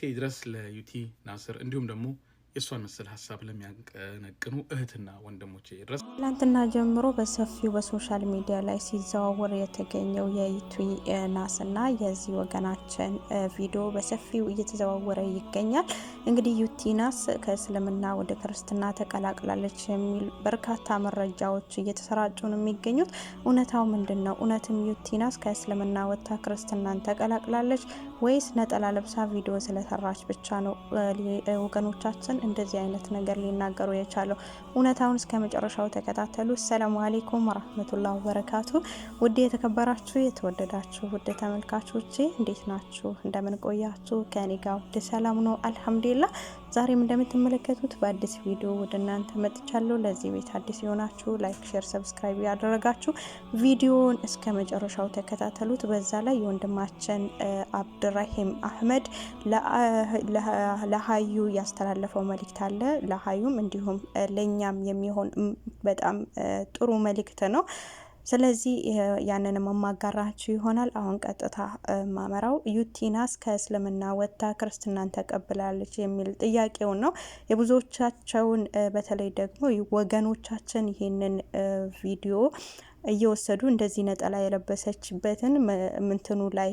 መልእክቴ ድረስ ለዩቲ ናስር እንዲሁም ደግሞ የእሷን መሰል ሀሳብ ለሚያቀነቅኑ እህትና ወንድሞች ድረስ ትላንትና ጀምሮ በሰፊው በሶሻል ሚዲያ ላይ ሲዘዋወር የተገኘው የዩቲ ናስና የዚህ ወገናችን ቪዲዮ በሰፊው እየተዘዋወረ ይገኛል። እንግዲህ ዩቲ ናስ ከእስልምና ወደ ክርስትና ተቀላቅላለች የሚል በርካታ መረጃዎች እየተሰራጩ ነው የሚገኙት። እውነታው ምንድን ነው? እውነትም ዩቲ ናስ ከእስልምና ወታ ክርስትናን ተቀላቅላለች ወይስ ነጠላ ለብሳ ቪዲዮ ስለሰራች ብቻ ነው ወገኖቻችን እንደዚህ አይነት ነገር ሊናገሩ የቻለው? እውነታውን እስከ መጨረሻው ተከታተሉ። ሰላሙ አሌይኩም ወራህመቱላ ወበረካቱ። ውድ የተከበራችሁ የተወደዳችሁ ውድ ተመልካቾቼ እንዴት ናችሁ? እንደምን ቆያችሁ? ከኔ ጋር ውድ ሰላም ነው አልሐምዱሊላ። ዛሬም እንደምትመለከቱት በአዲስ ቪዲዮ ወደ እናንተ መጥቻለሁ። ለዚህ ቤት አዲስ የሆናችሁ ላይክ፣ ሼር፣ ሰብስክራይብ ያደረጋችሁ ቪዲዮውን እስከ መጨረሻው ተከታተሉት። በዛ ላይ የወንድማችን አብደ አብድራሂም አህመድ ለሀዩ ያስተላለፈው መልእክት አለ። ለሀዩም እንዲሁም ለእኛም የሚሆን በጣም ጥሩ መልእክት ነው። ስለዚህ ያንን የማጋራችሁ ይሆናል። አሁን ቀጥታ ማመራው ዩቲናስ ከእስልምና ወጥታ ክርስትናን ተቀብላለች የሚል ጥያቄውን ነው የብዙዎቻቸውን በተለይ ደግሞ ወገኖቻችን ይህንን ቪዲዮ እየወሰዱ እንደዚህ ነጠላ የለበሰችበትን ምንትኑ ላይ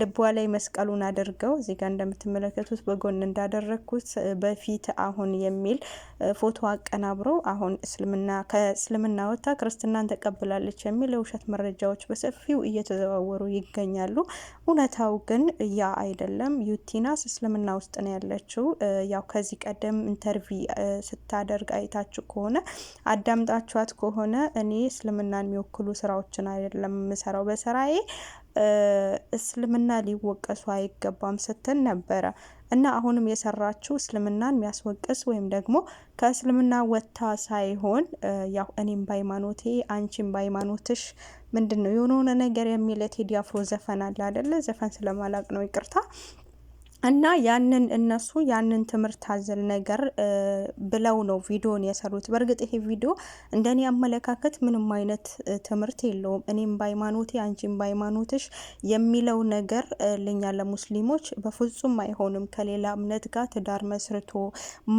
ልቧ ላይ መስቀሉን አድርገው እዚህ ጋር እንደምትመለከቱት በጎን እንዳደረግኩት በፊት አሁን የሚል ፎቶ አቀናብረው አሁን እስልምና ከእስልምና ወጥታ ክርስትናን ተቀብላለች የሚል የውሸት መረጃዎች በሰፊው እየተዘዋወሩ ይገኛሉ። እውነታው ግን ያ አይደለም። ዩቲናስ እስልምና ውስጥ ነው ያለችው። ያው ከዚህ ቀደም ኢንተርቪ ስታደርግ አይታችሁ ከሆነ አዳምጣችኋት ከሆነ እኔ እስልምናን የሚወክሉ ስራዎችን አይደለም የምሰራው በስራዬ እስልምና ሊወቀሱ አይገባም ስትል ነበረ እና አሁንም የሰራችው እስልምናን የሚያስወቅስ ወይም ደግሞ ከእስልምና ወታ ሳይሆን ያው እኔም በሃይማኖቴ አንቺም በሃይማኖትሽ ምንድን ነው የሆነውን ነገር የሚል የቴዲ አፍሮ ዘፈን አለ አደለ? ዘፈን ስለማላቅ ነው ይቅርታ። እና ያንን እነሱ ያንን ትምህርት አዘል ነገር ብለው ነው ቪዲዮን የሰሩት። በእርግጥ ይሄ ቪዲዮ እንደኔ አመለካከት ምንም አይነት ትምህርት የለውም። እኔም በሃይማኖቴ አንቺም በሃይማኖትሽ የሚለው ነገር ለኛ ለሙስሊሞች በፍጹም አይሆንም። ከሌላ እምነት ጋር ትዳር መስርቶ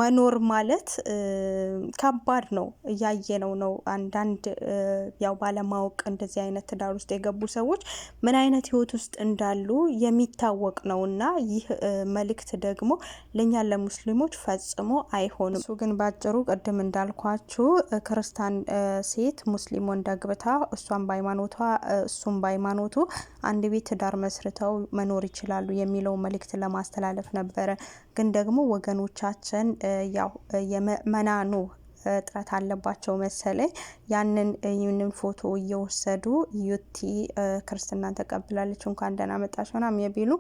መኖር ማለት ከባድ ነው። እያየነው ነው። አንዳንድ ያው ባለማወቅ እንደዚህ አይነት ትዳር ውስጥ የገቡ ሰዎች ምን አይነት ህይወት ውስጥ እንዳሉ የሚታወቅ ነው እና ይህ መልእክት ደግሞ ለእኛ ለሙስሊሞች ፈጽሞ አይሆንም። እሱ ግን ባጭሩ ቅድም እንዳልኳችሁ ክርስቲያን ሴት ሙስሊም ወንድ አግብታ እሷን በሃይማኖቷ እሱም በሃይማኖቱ አንድ ቤት ትዳር መስርተው መኖር ይችላሉ የሚለው መልእክት ለማስተላለፍ ነበረ። ግን ደግሞ ወገኖቻችን ያው የመናኑ እጥረት አለባቸው መሰለኝ። ያንን ይህንን ፎቶ እየወሰዱ ዩቲ ክርስትናን ተቀብላለች እንኳን ደህና መጣሽ ምናምን የሚሉ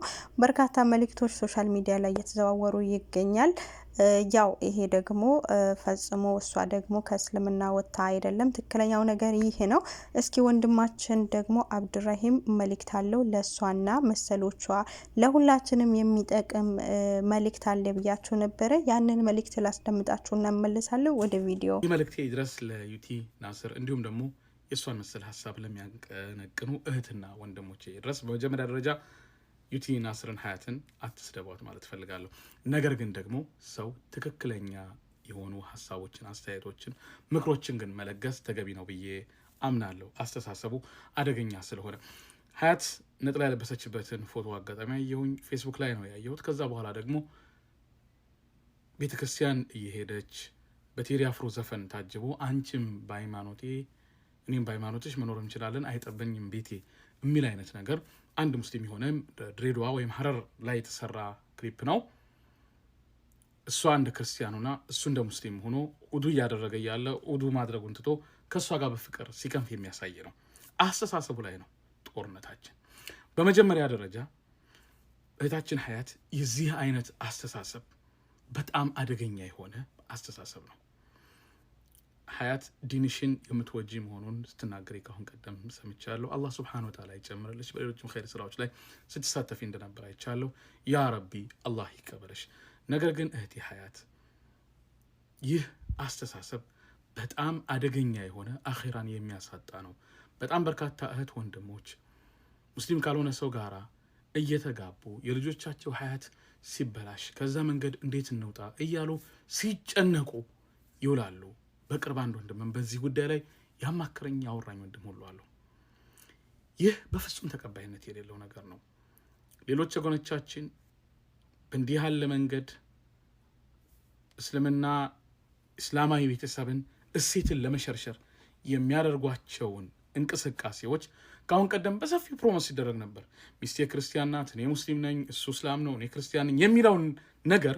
በርካታ መልእክቶች ሶሻል ሚዲያ ላይ እየተዘዋወሩ ይገኛል። ያው ይሄ ደግሞ ፈጽሞ እሷ ደግሞ ከእስልምና ወጥታ አይደለም። ትክክለኛው ነገር ይሄ ነው። እስኪ ወንድማችን ደግሞ አብድራሂም መልእክት አለው ለእሷና መሰሎቿ ለሁላችንም የሚጠቅም መልእክት አለ ብያችሁ ነበረ። ያንን መልእክት ላስደምጣችሁ እና ወደ ቪዲዮ። ይህ መልእክቴ ድረስ ለዩቲ ናስር እንዲሁም ደግሞ የእሷን መሰል ሀሳብ ለሚያቀነቅኑ እህትና ወንድሞቼ ድረስ በመጀመሪያ ደረጃ ዩቲን አስርን ሀያትን አትስደቧት ማለት እፈልጋለሁ። ነገር ግን ደግሞ ሰው ትክክለኛ የሆኑ ሀሳቦችን፣ አስተያየቶችን፣ ምክሮችን ግን መለገስ ተገቢ ነው ብዬ አምናለሁ። አስተሳሰቡ አደገኛ ስለሆነ ሀያት ነጥላ ያለበሰችበትን ፎቶ አጋጣሚ ያየሁኝ ፌስቡክ ላይ ነው ያየሁት። ከዛ በኋላ ደግሞ ቤተ ክርስቲያን እየሄደች በቴዲ አፍሮ ዘፈን ታጅቦ አንቺም በሃይማኖቴ እኔም በሃይማኖትሽ መኖር እንችላለን አይጠበኝም ቤቴ የሚል አይነት ነገር አንድ ሙስሊም የሆነ ድሬዳዋ ወይም ሀረር ላይ የተሰራ ክሊፕ ነው። እሷ እንደ ክርስቲያን ሆና እሱ እንደ ሙስሊም ሆኖ ኡዱ እያደረገ ያለ ኡዱ ማድረጉን ትቶ ከእሷ ጋር በፍቅር ሲከንፍ የሚያሳይ ነው። አስተሳሰቡ ላይ ነው ጦርነታችን። በመጀመሪያ ደረጃ እህታችን ሀያት የዚህ አይነት አስተሳሰብ በጣም አደገኛ የሆነ አስተሳሰብ ነው። ሀያት ዲንሽን የምትወጂ መሆኑን ስትናገሪ ካሁን ቀደም ሰምቻለሁ። አላህ ስብሓነሁ ወተዓላ ይጨምርልሽ። በሌሎችም ኸይር ስራዎች ላይ ስትሳተፊ እንደነበር አይቻለሁ። ያ ረቢ አላህ ይቀበልሽ። ነገር ግን እህቲ ሀያት ይህ አስተሳሰብ በጣም አደገኛ የሆነ አኼራን የሚያሳጣ ነው። በጣም በርካታ እህት ወንድሞች ሙስሊም ካልሆነ ሰው ጋር እየተጋቡ የልጆቻቸው ሀያት ሲበላሽ ከዛ መንገድ እንዴት እንውጣ እያሉ ሲጨነቁ ይውላሉ። በቅርብ አንድ ወንድምም በዚህ ጉዳይ ላይ ያማክረኝ ያወራኝ ወንድም ሁሉ አለው። ይህ በፍጹም ተቀባይነት የሌለው ነገር ነው። ሌሎች ወገኖቻችን በእንዲህ ያለ መንገድ እስልምና እስላማዊ ቤተሰብን እሴትን ለመሸርሸር የሚያደርጓቸውን እንቅስቃሴዎች ከአሁን ቀደም በሰፊው ፕሮሞስ ሲደረግ ነበር። ሚስቴ ክርስቲያን ናት፣ እኔ ሙስሊም ነኝ፣ እሱ እስላም ነው፣ እኔ ክርስቲያን ነኝ የሚለውን ነገር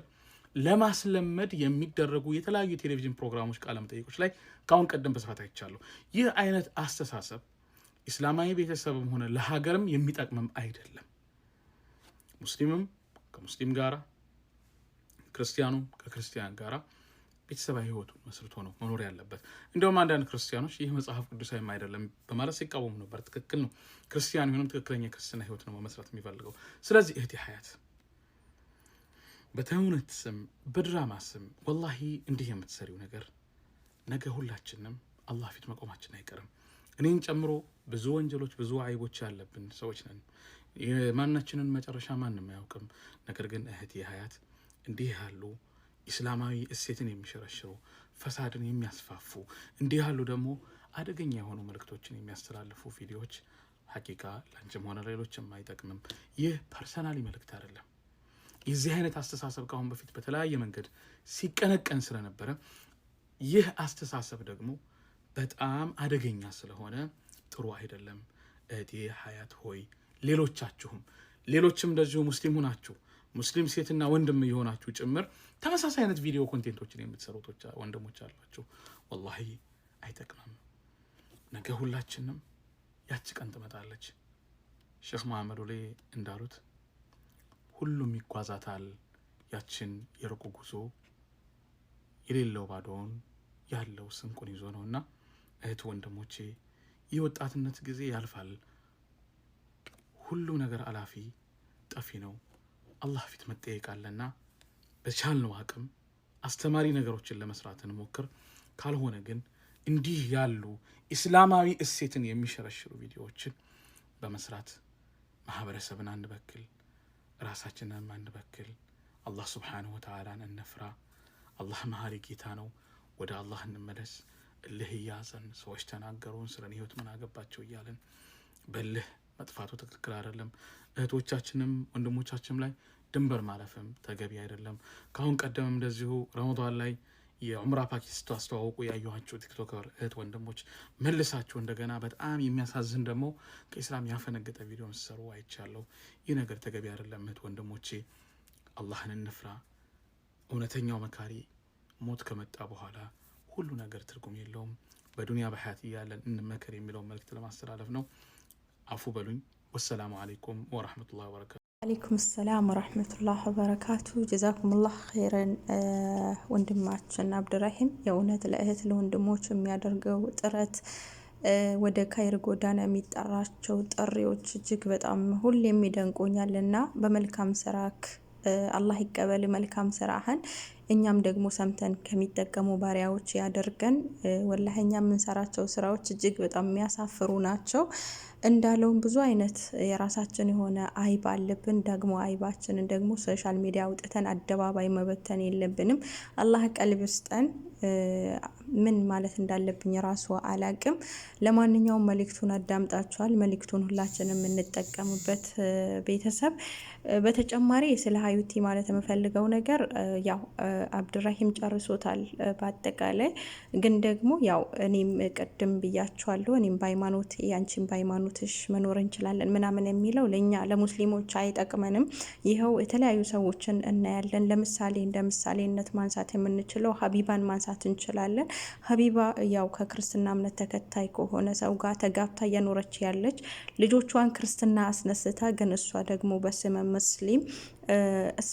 ለማስለመድ የሚደረጉ የተለያዩ የቴሌቪዥን ፕሮግራሞች ቃለ መጠይቆች ላይ ከአሁን ቀደም በስፋት አይቻለሁ። ይህ አይነት አስተሳሰብ ኢስላማዊ ቤተሰብም ሆነ ለሀገርም የሚጠቅምም አይደለም። ሙስሊምም ከሙስሊም ጋራ፣ ክርስቲያኑም ከክርስቲያን ጋራ ቤተሰባዊ ህይወቱን መስርቶ ነው መኖር ያለበት። እንዲሁም አንዳንድ ክርስቲያኖች ይህ መጽሐፍ ቅዱሳዊም አይደለም በማለት ሲቃወሙ ነበር። ትክክል ነው። ክርስቲያን ቢሆንም ትክክለኛ ክርስትና ህይወት ነው መመስረት የሚፈልገው። ስለዚህ እህቴ ሀያት በተውነት ስም በድራማ ስም ወላሂ እንዲህ የምትሰሪው ነገር ነገ ሁላችንም አላህ ፊት መቆማችን አይቀርም። እኔን ጨምሮ ብዙ ወንጀሎች፣ ብዙ አይቦች ያለብን ሰዎች ነን። የማናችንን መጨረሻ ማንም አያውቅም። ነገር ግን እህት የሀያት እንዲህ ያሉ ኢስላማዊ እሴትን የሚሸረሽሩ ፈሳድን የሚያስፋፉ እንዲህ ያሉ ደግሞ አደገኛ የሆኑ መልእክቶችን የሚያስተላልፉ ቪዲዮዎች ሀቂቃ ላንችም ሆነ አይጠቅምም። ይህ ፐርሰናሊ መልእክት አይደለም የዚህ አይነት አስተሳሰብ ከአሁን በፊት በተለያየ መንገድ ሲቀነቀን ስለነበረ ይህ አስተሳሰብ ደግሞ በጣም አደገኛ ስለሆነ ጥሩ አይደለም። እህቴ ሀያት ሆይ ሌሎቻችሁም ሌሎችም እንደዚሁ ሙስሊም ሁናችሁ ሙስሊም ሴትና ወንድም የሆናችሁ ጭምር ተመሳሳይ አይነት ቪዲዮ ኮንቴንቶችን የምትሰሩት ወንድሞች አሏችሁ። ወላሂ አይጠቅምም። ነገ ሁላችንም ያች ቀን ትመጣለች። ሼክ መሀመዱ ላይ እንዳሉት ሁሉም ይጓዛታል ያችን የሩቅ ጉዞ የሌለው ባዶውን ያለው ስንቁን ይዞ ነው እና እህት ወንድሞቼ የወጣትነት ጊዜ ያልፋል። ሁሉ ነገር አላፊ ጠፊ ነው። አላህ ፊት መጠየቅ አለና በቻልነው አቅም አስተማሪ ነገሮችን ለመስራት እንሞክር። ካልሆነ ግን እንዲህ ያሉ ኢስላማዊ እሴትን የሚሸረሽሩ ቪዲዮዎችን በመስራት ማህበረሰብን አንበክል። ራሳችንን ማንበክል፣ አላህ ስብሓንሁ ወተዓላን እንፍራ። አላህ መሀሪ ጌታ ነው። ወደ አላህ እንመለስ። እልህ እያዘን ሰዎች ተናገሩን ስለ ህይወት ምን አገባቸው እያለን በልህ መጥፋቱ ትክክል አይደለም። እህቶቻችንም ወንድሞቻችንም ላይ ድንበር ማለፍም ተገቢ አይደለም። ከአሁን ቀደም እንደዚሁ ረመዷን ላይ የዑምራ ፓኪስቱ ስታስተዋውቁ ያየኋቸው ቲክቶከር እህት ወንድሞች መልሳችሁ እንደገና በጣም የሚያሳዝን ደግሞ ከኢስላም ያፈነገጠ ቪዲዮ ሲሰሩ አይቻለሁ። ይህ ነገር ተገቢ አይደለም። እህት ወንድሞቼ አላህን እንፍራ። እውነተኛው መካሪ ሞት ከመጣ በኋላ ሁሉ ነገር ትርጉም የለውም። በዱንያ በሀያት እያለን እንመከር የሚለውን መልእክት ለማስተላለፍ ነው። አፉ በሉኝ። ወሰላሙ አሌይኩም ወረህመቱላሂ ወበረካቱ አሌይኩም ሰላም ወረህመቱላህ ወበረካቱ። ጀዛኩሙላህ ኸይረን ወንድማችን አብድራሂም። የእውነት ለእህት ለወንድሞች የሚያደርገው ጥረት ወደ ካይር ጎዳና የሚጠራቸው ጥሪዎች እጅግ በጣም ሁሌም ይደንቁኛል እና በመልካም ስራክ አላህ ይቀበል መልካም ስራህን እኛም ደግሞ ሰምተን ከሚጠቀሙ ባሪያዎች ያደርገን። ወላሂ እኛ የምንሰራቸው ስራዎች እጅግ በጣም የሚያሳፍሩ ናቸው። እንዳለውም ብዙ አይነት የራሳችን የሆነ አይብ አለብን። ደግሞ አይባችንን ደግሞ ሶሻል ሚዲያ አውጥተን አደባባይ መበተን የለብንም። አላህ ቀልብ ስጠን። ምን ማለት እንዳለብኝ ራሱ አላቅም። ለማንኛውም መልእክቱን አዳምጣችኋል። መልእክቱን ሁላችንም የምንጠቀምበት ቤተሰብ። በተጨማሪ ስለ ሀዩቲ ማለት የምፈልገው ነገር ያው አብድራሂም ጨርሶታል። በአጠቃላይ ግን ደግሞ ያው እኔም ቅድም ብያችኋለሁ፣ እኔም በሃይማኖት ያንቺን በሃይማኖትሽ መኖር እንችላለን ምናምን የሚለው ለእኛ ለሙስሊሞች አይጠቅመንም። ይኸው የተለያዩ ሰዎችን እናያለን። ለምሳሌ እንደ ምሳሌነት ማንሳት የምንችለው ሀቢባን ማንሳት እንችላለን። ሀቢባ ያው ከክርስትና እምነት ተከታይ ከሆነ ሰው ጋር ተጋብታ እየኖረች ያለች ልጆቿን ክርስትና አስነስታ ግን እሷ ደግሞ በስመ ሙስሊም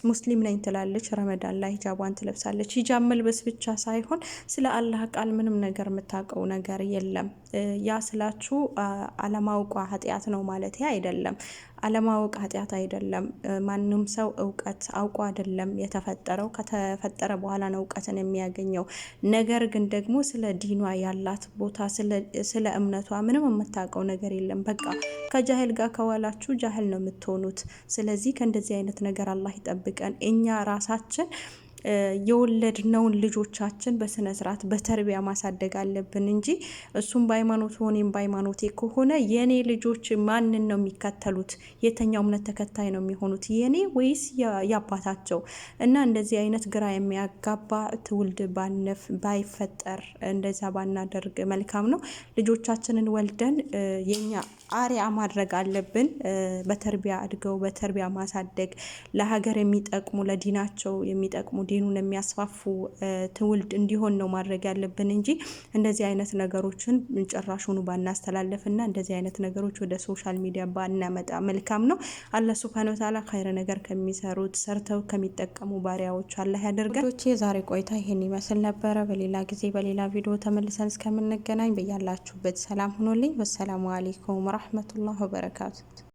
ሙስሊም ነኝ ትላለች። ረመዳን ላይ ሂጃቧን ሂጃቧን ትለብሳለች። ሂጃብ መልበስ ብቻ ሳይሆን ስለ አላህ ቃል ምንም ነገር የምታውቀው ነገር የለም። ያ ስላችሁ አለማውቋ ኃጢአት ነው ማለት አይደለም። አለማወቅ ኃጢአት አይደለም። ማንም ሰው እውቀት አውቆ አይደለም የተፈጠረው። ከተፈጠረ በኋላ ነው እውቀትን የሚያገኘው። ነገር ግን ደግሞ ስለ ዲኗ ያላት ቦታ፣ ስለ እምነቷ ምንም የምታውቀው ነገር የለም። በቃ ከጃህል ጋር ከዋላችሁ ጃህል ነው የምትሆኑት። ስለዚህ ከእንደዚህ አይነት ነገር አላህ ይጠብቀን። እኛ ራሳችን የወለድነውን ልጆቻችን በስነ ስርዓት በተርቢያ ማሳደግ አለብን እንጂ እሱም በሃይማኖት ሆኔም በሃይማኖቴ ከሆነ የእኔ ልጆች ማንን ነው የሚከተሉት? የተኛው እምነት ተከታይ ነው የሚሆኑት የእኔ ወይስ ያባታቸው? እና እንደዚህ አይነት ግራ የሚያጋባ ትውልድ ባነፍ ባይፈጠር እንደዛ ባናደርግ መልካም ነው። ልጆቻችንን ወልደን የኛ አሪያ ማድረግ አለብን። በተርቢያ አድገው በተርቢያ ማሳደግ ለሀገር የሚጠቅሙ ለዲናቸው የሚጠቅሙ ዲኑን የሚያስፋፉ ትውልድ እንዲሆን ነው ማድረግ ያለብን እንጂ እንደዚህ አይነት ነገሮችን ጭራሹኑ ባናስተላለፍና እንደዚህ አይነት ነገሮች ወደ ሶሻል ሚዲያ ባናመጣ መልካም ነው። አላህ ሱብሃነሁ ወተዓላ ኸይረ ነገር ከሚሰሩት ሰርተው ከሚጠቀሙ ባሪያዎች አላህ ያደርጋል። የዛሬ ቆይታ ይህን ይመስል ነበረ። በሌላ ጊዜ በሌላ ቪዲዮ ተመልሰን እስከምንገናኝ በያላችሁበት ሰላም ሁኖልኝ። ወሰላሙ አሌይኩም ወረሕመቱላህ ወበረካቱ።